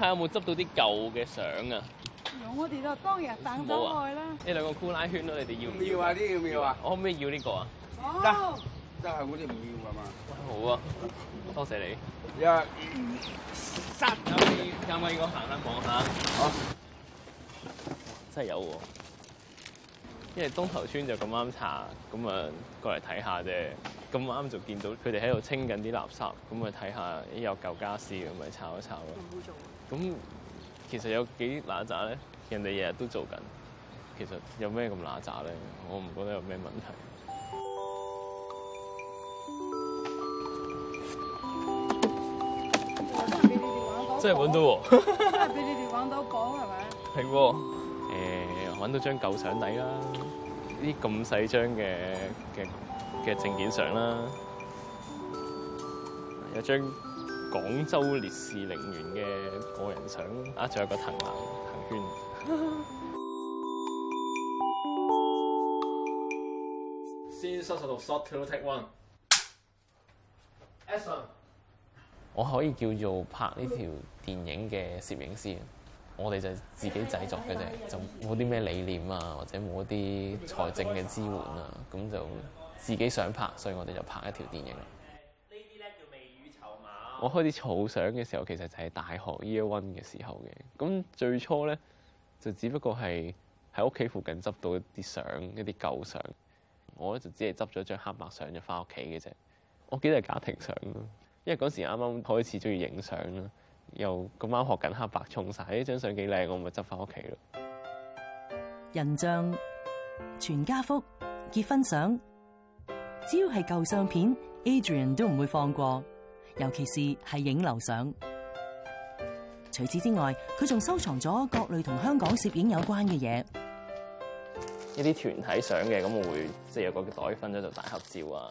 睇下有冇執到啲舊嘅相啊！我哋就當日等咗佢啦。呢兩個酷拉圈咯、啊，你哋要唔要啊？呢啊！要唔要啊？我可唔可以要呢個啊？得，即係我哋唔要啊嘛。好啊，多謝你。一 Yeah.、二、三，可唔可以？可唔可以行下望下？好，真係有喎、啊。因為東頭村就咁啱查，咁啊過嚟睇下啫。咁啱就見到佢哋喺度清緊啲垃圾，咁啊睇下有舊家私咁咪炒一炒咯。咁其實有幾揦雜咧？人哋日日都做緊，其實有咩咁揦雜咧？我唔覺得有咩問題。真係揾到喎！俾你哋揾到寶係咪？係喎，誒，揾到張舊相底啦、啊，呢咁細張嘅嘅嘅證件相啦，有張。廣州烈士陵園嘅個人相啊，仲有個藤蘭藤圈。先三十度，Shot to take one！Action！我可以叫做拍呢條電影嘅攝影師。我哋就自己製作嘅啫，就冇啲咩理念啊，或者冇一啲財政嘅支援啊，咁就自己想拍，所以我哋就拍一條電影。我開始儲相嘅時候，其實就係大學 year one 嘅時候嘅。咁最初咧，就只不過係喺屋企附近執到一啲相，一啲舊相。我咧就只係執咗張黑白相就翻屋企嘅啫。我記得係家庭相咯，因為嗰時啱啱開始中意影相啦，又咁啱學緊黑白，沖晒，呢張相幾靚，我咪執翻屋企咯。人像、全家福、結婚相，只要係舊相片，Adrian 都唔會放過。尤其是係影樓相。除此之外，佢仲收藏咗各類同香港攝影有關嘅嘢，一啲團體相嘅咁，我會即係有一個袋分咗做大合照啊。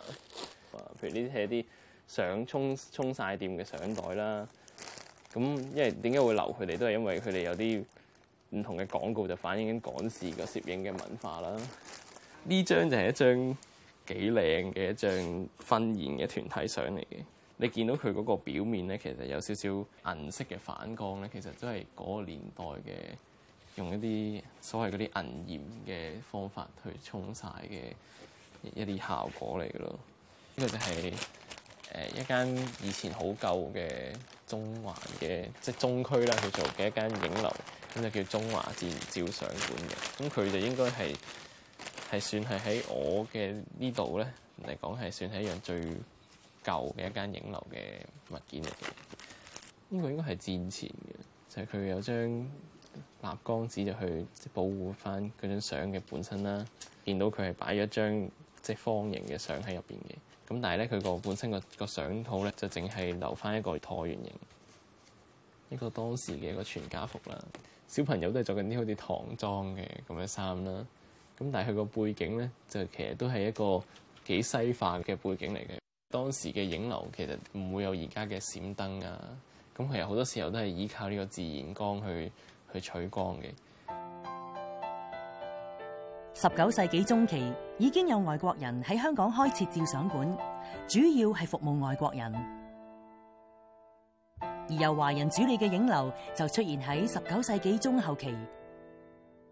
譬如呢啲係一啲相沖沖晒店嘅相袋啦。咁因為點解會留佢哋都係因為佢哋有啲唔同嘅廣告，就反映緊港視嘅攝影嘅文化啦。呢張就係一張幾靚嘅一張婚宴嘅團體相嚟嘅。你見到佢嗰個表面咧，其實有少少銀色嘅反光咧，其實都係嗰個年代嘅用一啲所謂嗰啲銀鹽嘅方法去沖晒嘅一啲效果嚟嘅咯。呢個就係誒一間以前好舊嘅中環嘅即係中區啦，去做嘅一間影樓，咁就叫中華自然照相館嘅。咁佢就應該係係算係喺我嘅呢度咧嚟講係算係一樣最。舊嘅一間影樓嘅物件嚟嘅，呢、這個應該係戰前嘅，就係、是、佢有一張立光紙，就去保護翻嗰張相嘅本身啦。見到佢係擺咗張即係方形嘅相喺入邊嘅，咁但係咧，佢個本身、那個個相套咧就淨係留翻一個橢圓形，呢個當時嘅一個全家福啦。小朋友都係著緊啲好似唐裝嘅咁嘅衫啦，咁但係佢個背景咧就其實都係一個幾西化嘅背景嚟嘅。當時嘅影樓其實唔會有而家嘅閃燈啊，咁其實好多時候都係依靠呢個自然光去去取光嘅。十九世紀中期已經有外國人喺香港開設照相館，主要係服務外國人，而由華人主理嘅影樓就出現喺十九世紀中後期，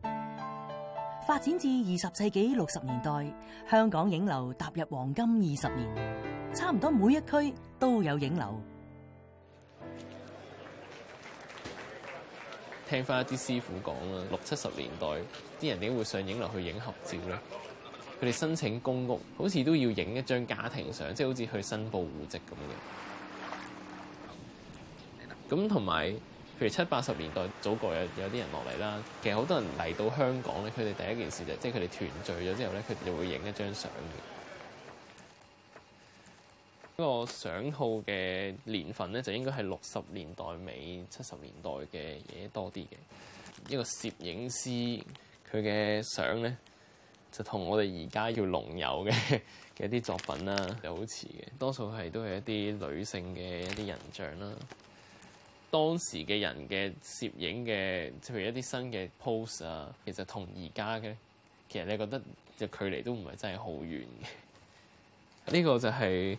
發展至二十世紀六十年代，香港影樓踏入黃金二十年。差唔多每一區都有影樓，聽翻一啲師傅講啦。六七十年代啲人點會上影樓去影合照咧？佢哋申請公屋，好似都要影一張家庭相，即係好似去申報戶籍咁嘅。咁同埋，譬如七八十年代祖國有有啲人落嚟啦，其實好多人嚟到香港咧，佢哋第一件事就係即係佢哋團聚咗之後咧，佢哋就會影一張相嘅。呢個相號嘅年份咧，就應該係六十年代尾、七十年代嘅嘢多啲嘅。一個攝影師佢嘅相咧，就同我哋而家叫龍友嘅嘅一啲作品啦，就好似嘅多數係都係一啲女性嘅一啲人像啦。當時嘅人嘅攝影嘅，即係一啲新嘅 pose 啊，其實同而家嘅其實你覺得就距離都唔係真係好遠嘅，呢個就係。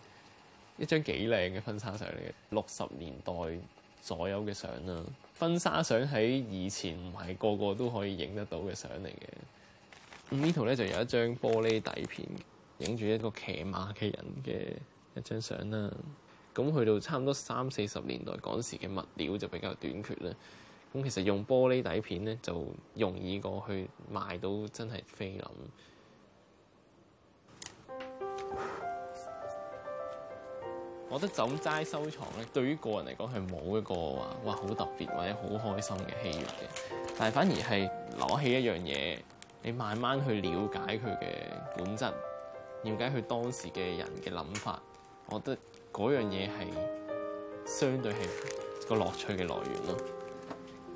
一張幾靚嘅婚紗相嚟嘅，六十年代左右嘅相啦。婚紗相喺以前唔係個個都可以影得到嘅相嚟嘅。咁呢度咧就有一張玻璃底片，影住一個騎馬嘅人嘅一張相啦。咁去到差唔多三四十年代嗰時嘅物料就比較短缺啦。咁其實用玻璃底片咧就容易過去賣到真係菲林。我覺得就咁齋收藏咧，對於個人嚟講係冇一個話哇好特別或者好開心嘅喜悅嘅，但係反而係攞起一樣嘢，你慢慢去了解佢嘅本質，了解佢當時嘅人嘅諗法，我覺得嗰樣嘢係相對係個樂趣嘅來源咯。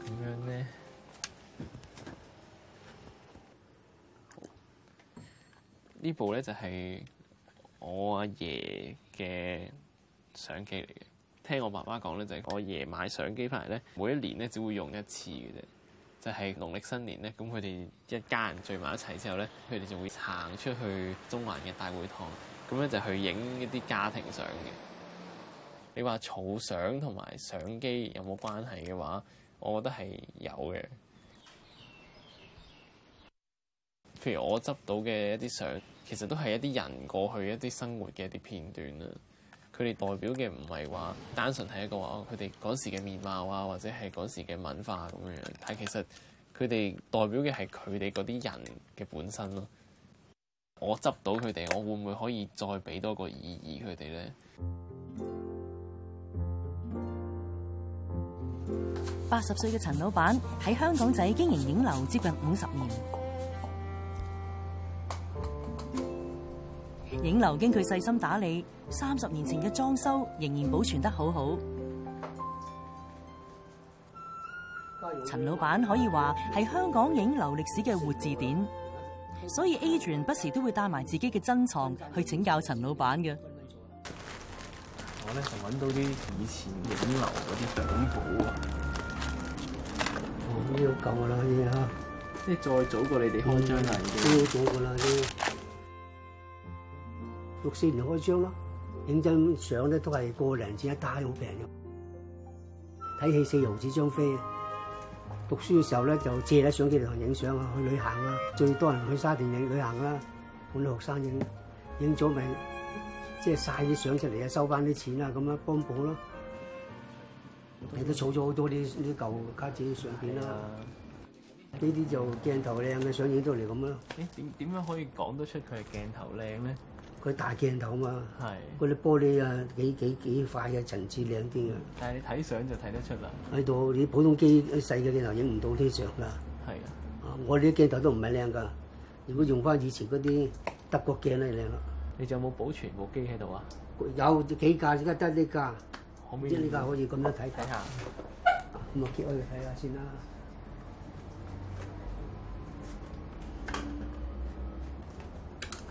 咁樣咧，這部呢部咧就係我阿爺嘅。相機嚟嘅，聽我爸爸講咧，就係我爺買相機翻嚟咧，每一年咧只會用一次嘅啫，就係農曆新年咧，咁佢哋一家人聚埋一齊之後咧，佢哋就會行出去中環嘅大會堂，咁咧就去影一啲家庭相嘅。你話儲相同埋相機有冇關係嘅話，我覺得係有嘅。譬如我執到嘅一啲相，其實都係一啲人過去一啲生活嘅一啲片段啦。佢哋代表嘅唔係話單純係一個話佢哋嗰時嘅面貌啊，或者係嗰時嘅文化咁樣樣，但係其實，佢哋代表嘅係佢哋嗰啲人嘅本身咯。我執到佢哋，我會唔會可以再俾多個意義佢哋咧？八十歲嘅陳老闆，喺香港仔經營影樓接近五十年。影樓經佢細心打理，三十年前嘅裝修仍然保存得好好。陳老闆可以話係香港影樓歷史嘅活字典，所以 Adrian 不時都會帶埋自己嘅珍藏去請教陳老闆嘅。我咧就揾到啲以前影樓嗰啲相簿啊，我呢度夠啦依家，即係再早過你哋開張啦已經。都早過啦六四年開張咯，影張相咧都係個零紙一打好平嘅，睇戲四毫紙張飛。讀書嘅時候咧就借咗相機嚟影相啊，去旅行啊，最多人去沙田影旅行啦。好多學生影影咗咪，即係晒啲相出嚟啊，收翻啲錢啊咁樣幫補咯。你都儲咗好多啲啲舊卡紙相片啦。呢啲就鏡頭靚嘅相影到嚟咁樣。誒點點樣可以講得出佢係鏡頭靚咧？佢大鏡頭嘛，嗰啲的玻璃啊，幾幾幾塊嘅、啊、層次靚啲嘅。但係你睇相就睇得出啦。喺度，你普通機啲細嘅鏡頭影唔到啲相㗎。係的啊。我哋啲鏡頭都唔係靚㗎，如果用翻以前嗰啲德國鏡咧靚啦。你仲有冇保存部機喺度啊？有幾架，而家得呢架。可唔可以？架可以咁樣睇睇下。咁啊，揭開我哋睇下先啦。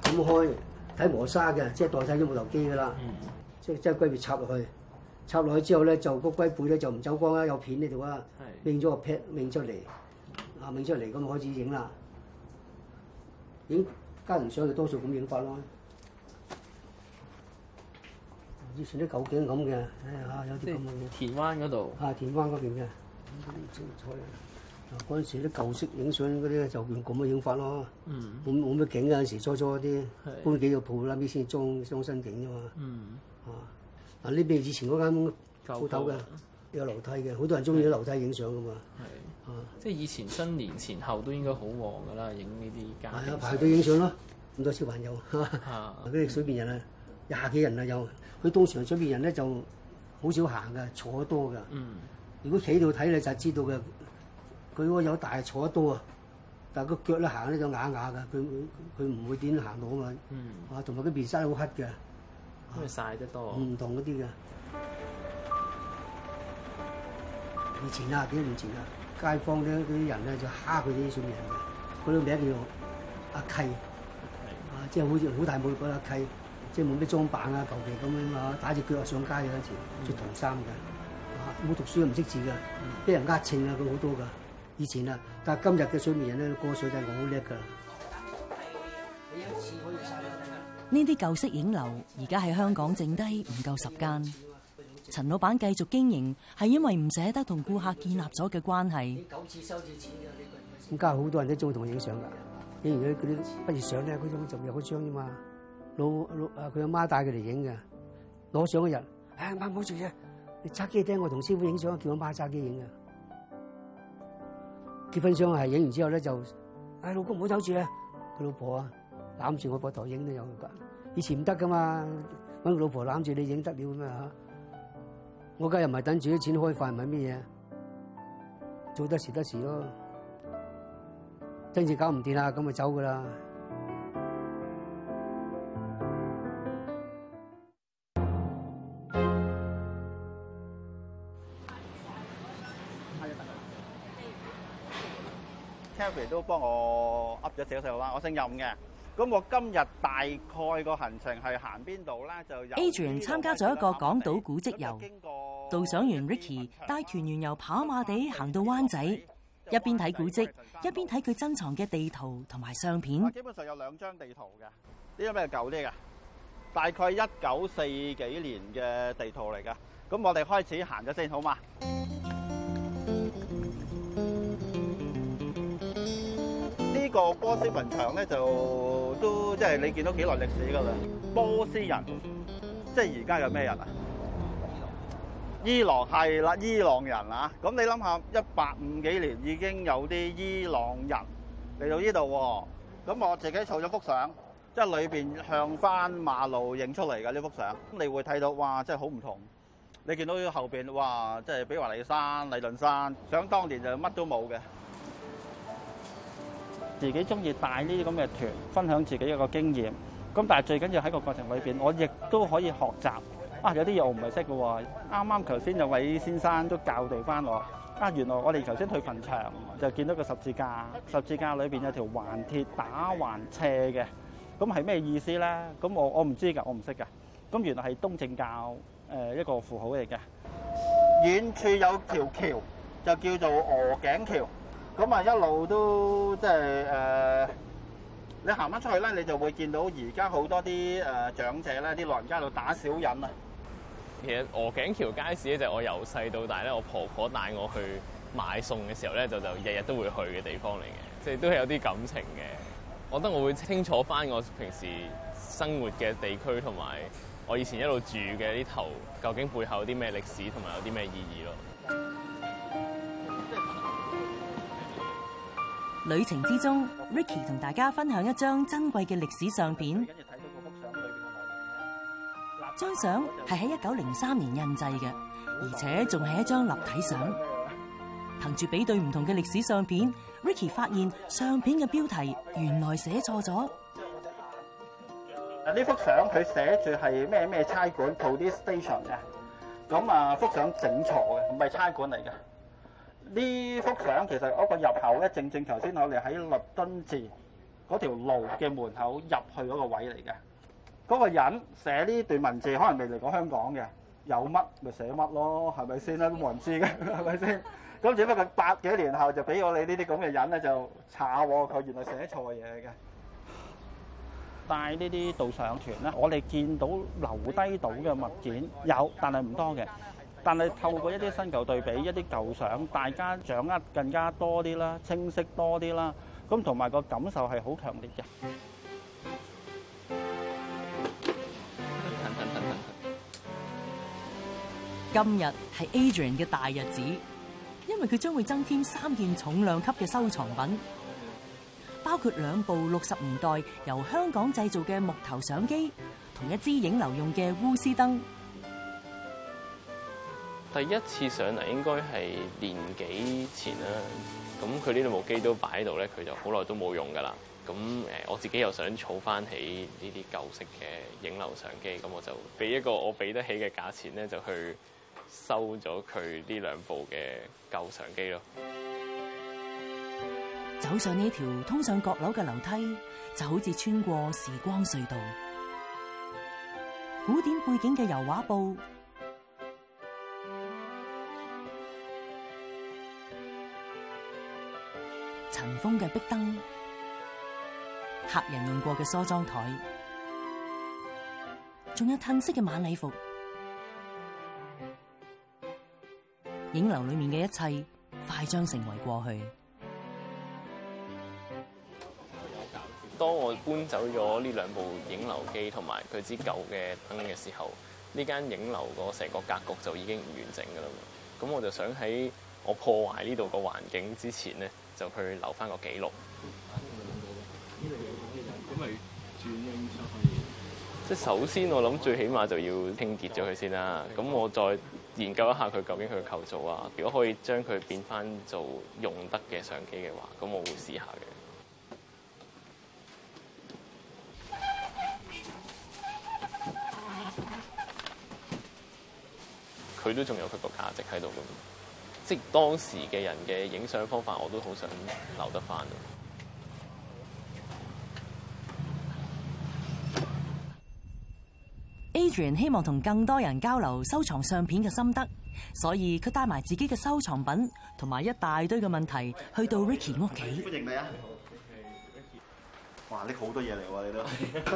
咁開。睇磨砂嘅，即係代替咗木頭機㗎喇、嗯，即係即係龜片插落去，插落去之後咧，就個龜背咧就唔走光啦，有片呢度是啊，影咗個片出嚟，啊影出嚟咁開始影啦，影家庭相就多數咁影法咯。以前啲狗景咁嘅，啊、哎，有啲咁嘅田灣嗰度。啊，田灣嗰邊嘅。嗯嗰陣時啲舊式影相嗰啲咧就用咁嘅影法咯，冇冇咩景嘅時初初啲搬幾個鋪啦，啲先裝裝新景啫嘛。啊，嗱呢邊以前嗰間舊鋪頭嘅有樓梯嘅，好多人中意喺樓梯影相㗎嘛。啊，即係以前新年前後都應該好旺㗎啦，影呢啲家庭。係啊，排隊影相咯，咁多小朋友，嗰啲水邊人啊，廿幾人啊有。佢當時水邊人咧就好少行㗎，坐得多㗎。如果企喺度睇你，就知道嘅。佢嗰個有大坐得多、嗯、啊，但係個腳咧行咧就啞啞嘅，佢佢唔會點行路啊嘛。啊，同埋佢面衫好黑嘅，都係曬得多。唔同嗰啲嘅，以前啊幾年前啊，街坊啲啲人咧就蝦佢啲上人嘅，佢都名叫做阿契，嗯、啊即係好似好大帽個阿契，即係冇咩裝扮啊，求其咁樣啊，打只腳上街嘅嗰陣時，着唐衫㗎，冇、嗯啊、讀書唔識字㗎，俾、嗯、人呃秤啊佢好多㗎。以前啊，但係今日嘅水面人咧過水就真係我好叻噶。呢啲舊式影樓而家喺香港剩低唔夠十間。陳老闆繼續經營係因為唔捨得同顧客建立咗嘅關係。而家好多人都中意同我影相噶，影完嗰啲畢業相咧佢仲就入嗰張啫嘛。老老啊，佢阿媽帶佢嚟影噶，攞相嗰日，阿、哎、媽冇住你揸機聽我同師傅影相，我叫我媽揸機影嘅。.結婚相係影完之後咧就，唉、哎，老公唔好走住啊！佢老婆啊攬住我膊頭影都有噶，以前唔得噶嘛，搵老婆攬住你影得了咁啊吓！我而家又唔係等住啲錢開飯，唔係咩嘢，做得時得時咯，真事搞唔掂啊，咁咪走噶啦。都幫我噏咗幾個細路啦，我姓任嘅。咁我今日大概個行程係行邊度咧？就 A Adrian 團裡參加咗一個港島古蹟遊，遊經過導賞員 Ricky 程帶團員由跑馬地行到灣仔，灣仔一邊睇古蹟，徐徐一邊睇佢珍藏嘅地圖同埋相片。基本上有兩張地圖嘅，呢張咩較舊啲嘅，大概一九四幾年嘅地圖嚟嘅。咁我哋開始行咗先，好嗎？這個波斯墳場咧，就都即係你見到幾耐歷史噶啦？波斯人即係而家有咩人啊？伊朗，伊朗係啦，伊朗人啊！咁你諗下，一八五幾年已經有啲伊朗人嚟到呢度喎。咁我自己掃咗幅相，即係裏邊向翻馬路影出嚟嘅呢幅相，咁你會睇到哇，真係好唔同。你見到後邊哇，即係比華利山、理倫山，想當年就乜都冇嘅。自己中意帶呢啲咁嘅團，分享自己一個經驗。咁但係最緊要喺個過程裏面，我亦都可以學習。啊，有啲嘢我唔係識嘅喎。啱啱頭先有位先生都教導翻我。啊，原來我哋頭先去墳場就見到個十字架，十字架裏面有條橫鐵打橫斜嘅，咁係咩意思咧？咁我我唔知㗎，我唔識㗎。咁原來係東正教、呃、一個符號嚟嘅。遠處有條橋，橋，就叫做鵝頸橋。咁啊，一路都即係誒，你行翻出去咧，你就會見到而家好多啲誒、呃、長者咧，啲老人家喺度打小人啊。其實鵝頸橋街市咧，就係我由細到大咧，我婆婆帶我去買餸嘅時候咧，就就日日都會去嘅地方嚟嘅，即、就、係、是、都係有啲感情嘅。我覺得我會清楚翻我平時生活嘅地區同埋我以前一路住嘅呢頭究竟背後有啲咩歷史同埋有啲咩意義咯。旅程之中，Ricky 同大家分享一張珍貴嘅歷史相片。張相係喺一九零三年印製嘅，而且仲係一張立體相。憑住比對唔同嘅歷史相片，Ricky 發現相片嘅標題原來寫錯了寫錯咗。呢幅相佢寫住係咩咩差館 police station 嘅，咁啊幅相整錯嘅，唔係差館嚟嘅。呢幅相其實嗰個入口咧，正正頭先我哋喺律敦治嗰條路嘅門口入去嗰個位嚟嘅。嗰、嗰個人寫呢段文字，可能未嚟過香港嘅，有乜咪寫乜咯，係咪先啦？都冇人知嘅，係咪先？咁只 不過百幾年後就俾我哋呢啲咁嘅人咧，就查喎佢原來寫錯嘢嘅。帶呢啲導賞團咧，我哋見到留低到嘅物件有，但係唔多嘅。但係透過一啲新舊對比，一啲舊相，大家掌握更加多啲啦，清晰多啲啦，咁同埋個感受係好強烈嘅。今日係 Adrian 嘅大日子，因為佢將會增添三件重量級嘅收藏品，包括兩部六十年代由香港製造嘅木頭相機，同一支影樓用嘅烏絲燈。第一次上嚟應該係年幾前啦，咁佢呢兩部機都擺喺度咧，佢就好耐都冇用噶啦。咁誒，我自己又想儲翻起呢啲舊式嘅影樓相機，咁我就俾一個我俾得起嘅價錢咧，就去收咗佢呢兩部嘅舊相機咯。走上呢條通上閣樓嘅樓梯，就好似穿過時光隧道。古典背景嘅油畫布、風嘅壁燈，客人用過嘅梳妝台，仲有褪色嘅晚禮服，影樓裏面嘅一切快將成為過去。當我搬走咗呢兩部影樓機同埋佢支舊嘅燈嘅時候，呢間影樓個成個格局就已經唔完整㗎喇。咁我就想喺我破壞呢度個環境之前咧，就去留翻個記錄。咁咪轉用出去。即係首先，我諗最起碼就要清潔咗佢先啦。咁、嗯嗯嗯、我再研究一下佢究竟佢構造啊。如果可以將佢變翻做用得嘅相機嘅話，咁我會試下嘅。佢都仲有佢個價值喺度噉。即當時嘅人嘅影相方法，我都好想留得翻。Adrian 希望同更多人交流收藏相片嘅心得，所以佢帶埋自己嘅收藏品同埋一大堆嘅問題，去到 Ricky 屋企。歡迎你啊！哇，你好多嘢嚟喎，你都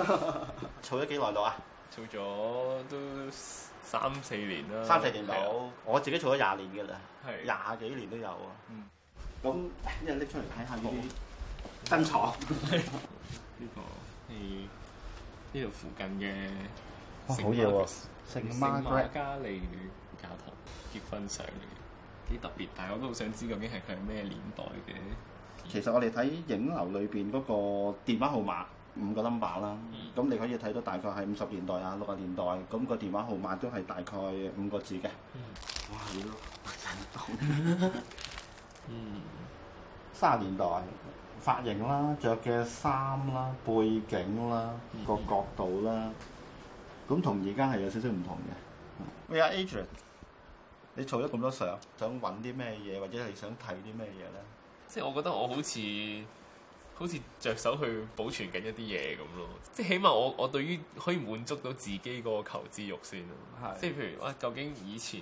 儲咗幾耐度啊？儲咗都。三四年啦，三四年有，啊、我自己做咗廿年嘅啦，廿幾、啊、年都有啊。咁一陣拎出嚟睇下呢啲珍藏。呢個係呢度附近嘅、哦哦。好嘢喎、啊，聖瑪加利女教堂結婚相嚟嘅，幾特別。但係我都好想知道究竟係佢係咩年代嘅。其實我哋睇影樓裏邊嗰個電話號碼。五個 number 啦，咁、嗯、你可以睇到大概係五十年代啊，六十年代，咁、個電話號碼都係大概五個字嘅。嗯、哇！妖，唔得。嗯，卅年代髮型啦，着嘅衫啦，背景啦，個、嗯、角度啦，咁同而家係有少少唔同嘅。喂啊，Adrian，r 你做咗咁多相，想揾啲咩嘢，或者係想睇啲咩嘢咧？即係我覺得我好似。好似着手去保存緊一啲嘢咁咯，即係起碼我我對於可以滿足到自己嗰個求知欲先咯。即係是的 譬如哇、啊，究竟以前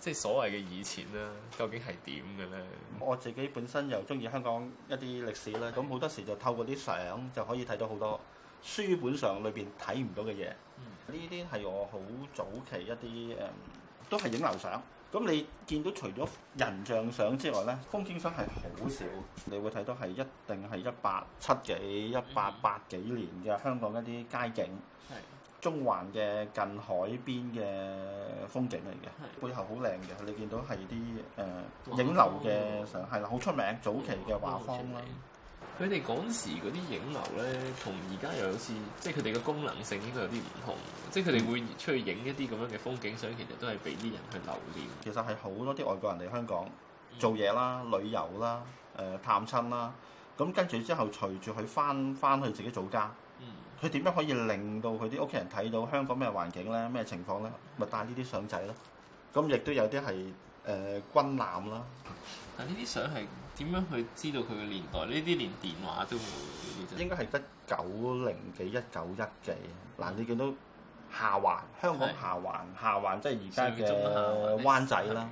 即係所謂嘅以前啦，究竟係點嘅咧？我自己本身又中意香港一啲歷史啦，咁好是的 多時就透過啲相就可以睇到好多書本上裏邊睇唔到嘅嘢。呢啲係我好早期一啲誒、嗯，都係影樓相。咁你見到除咗人像相之外咧，風景相係好少，你會睇到係一定係一八七幾、一八八幾年嘅香港一啲街景，嗯、中環嘅近海邊嘅風景嚟嘅，的背後好靚嘅，你見到係啲誒影樓嘅相，係啦，好出名、嗯、早期嘅畫風啦。嗯佢哋嗰時嗰啲影樓咧，同而家又好似，即係佢哋嘅功能性應該有啲唔同，即係佢哋會出去影一啲咁樣嘅風景相，其實都係俾啲人去留念。其實係好多啲外國人嚟香港做嘢啦、旅遊啦、誒、呃、探親啦，咁跟住之後隨住佢翻翻去自己祖家，佢點、嗯、樣可以令到佢啲屋企人睇到香港咩環境咧、咩情況咧？咪帶呢啲相仔咯。咁亦都有啲係誒軍艦啦。但呢啲相係。點樣去知道佢嘅年代？呢啲連電話都冇。應該係得九零幾、一九一幾。嗱，你見到下環，香港下環，是下環即係而家嘅灣仔啦。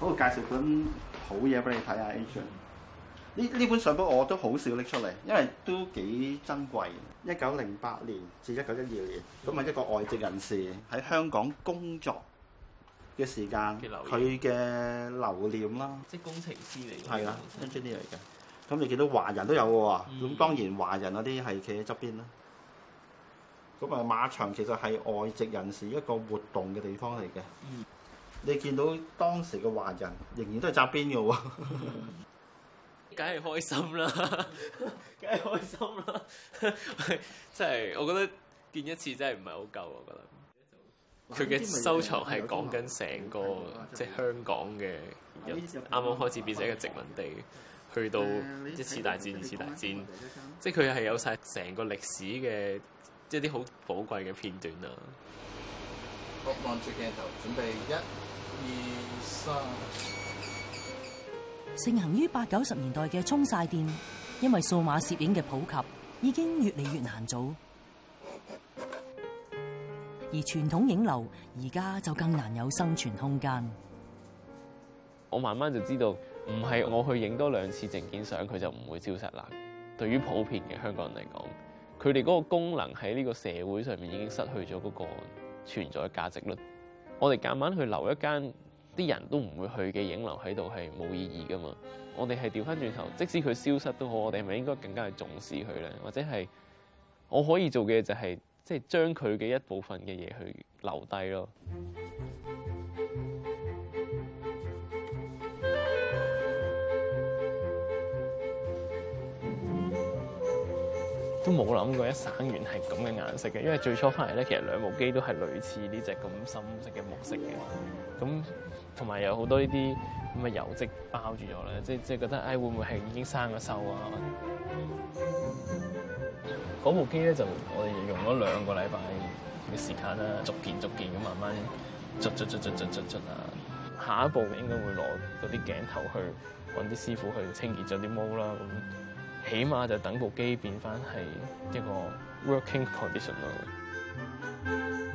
好，我介紹本好嘢俾你睇下，Adrian。呢呢、嗯、本相簿我都好少拎出嚟，因為都幾珍貴。一九零八年至一九一二年，咁啊一個外籍人士喺香港工作嘅時間，佢嘅留念啦，留念即係工程師嚟嘅，係啦，engineer 嚟嘅。咁的你見到華人都有喎，咁、嗯、當然華人嗰啲係企喺側邊啦。咁啊，馬場其實係外籍人士一個活動嘅地方嚟嘅。嗯、你見到當時嘅華人仍然都係側邊嘅喎，梗係、嗯、 開心啦，梗係開心啦，即 係我覺得見一次真係唔係好夠，我覺得。佢嘅收藏係講緊成個即係香港嘅，啱啱開始變成一個殖民地，去到一次大戰二次大戰，即係佢係有晒成個歷史嘅一啲好寶貴嘅片段啊。我望住鏡頭，準備一、二、三。盛行於八九十年代嘅沖曬店，因為數碼攝影嘅普及，已經越嚟越難做。而傳統影樓而家就更難有生存空間。我慢慢就知道，唔係我去影多兩次證件相，佢就唔會消失啦。對於普遍嘅香港人嚟講，佢哋嗰個功能喺呢個社會上面已經失去咗嗰個存在嘅價值啦。我哋夾硬去留一間啲人都唔會去嘅影樓喺度，係冇意義噶嘛。我哋係調翻轉頭，即使佢消失都好，我哋係咪應該更加去重視佢咧？或者係我可以做嘅就係、是。即係將佢嘅一部分嘅嘢去留低咯，都冇諗過一省完係咁嘅顏色嘅，因為最初翻嚟咧，其實兩部機都係類似呢隻咁深色嘅木色嘅，咁同埋有好多呢啲咁嘅油漬包住咗喇，即係即係覺得誒、哎、會唔會係已經生咗鏽啊？嗰部機咧就我哋用咗兩個禮拜嘅時間啦，逐件逐件咁慢慢，捽捽捽捽捽捽捽啊！下一步應該會攞嗰啲鏡頭去搵啲師傅去清潔咗啲毛啦，咁起碼就等部機變返係一個 working condition 咯。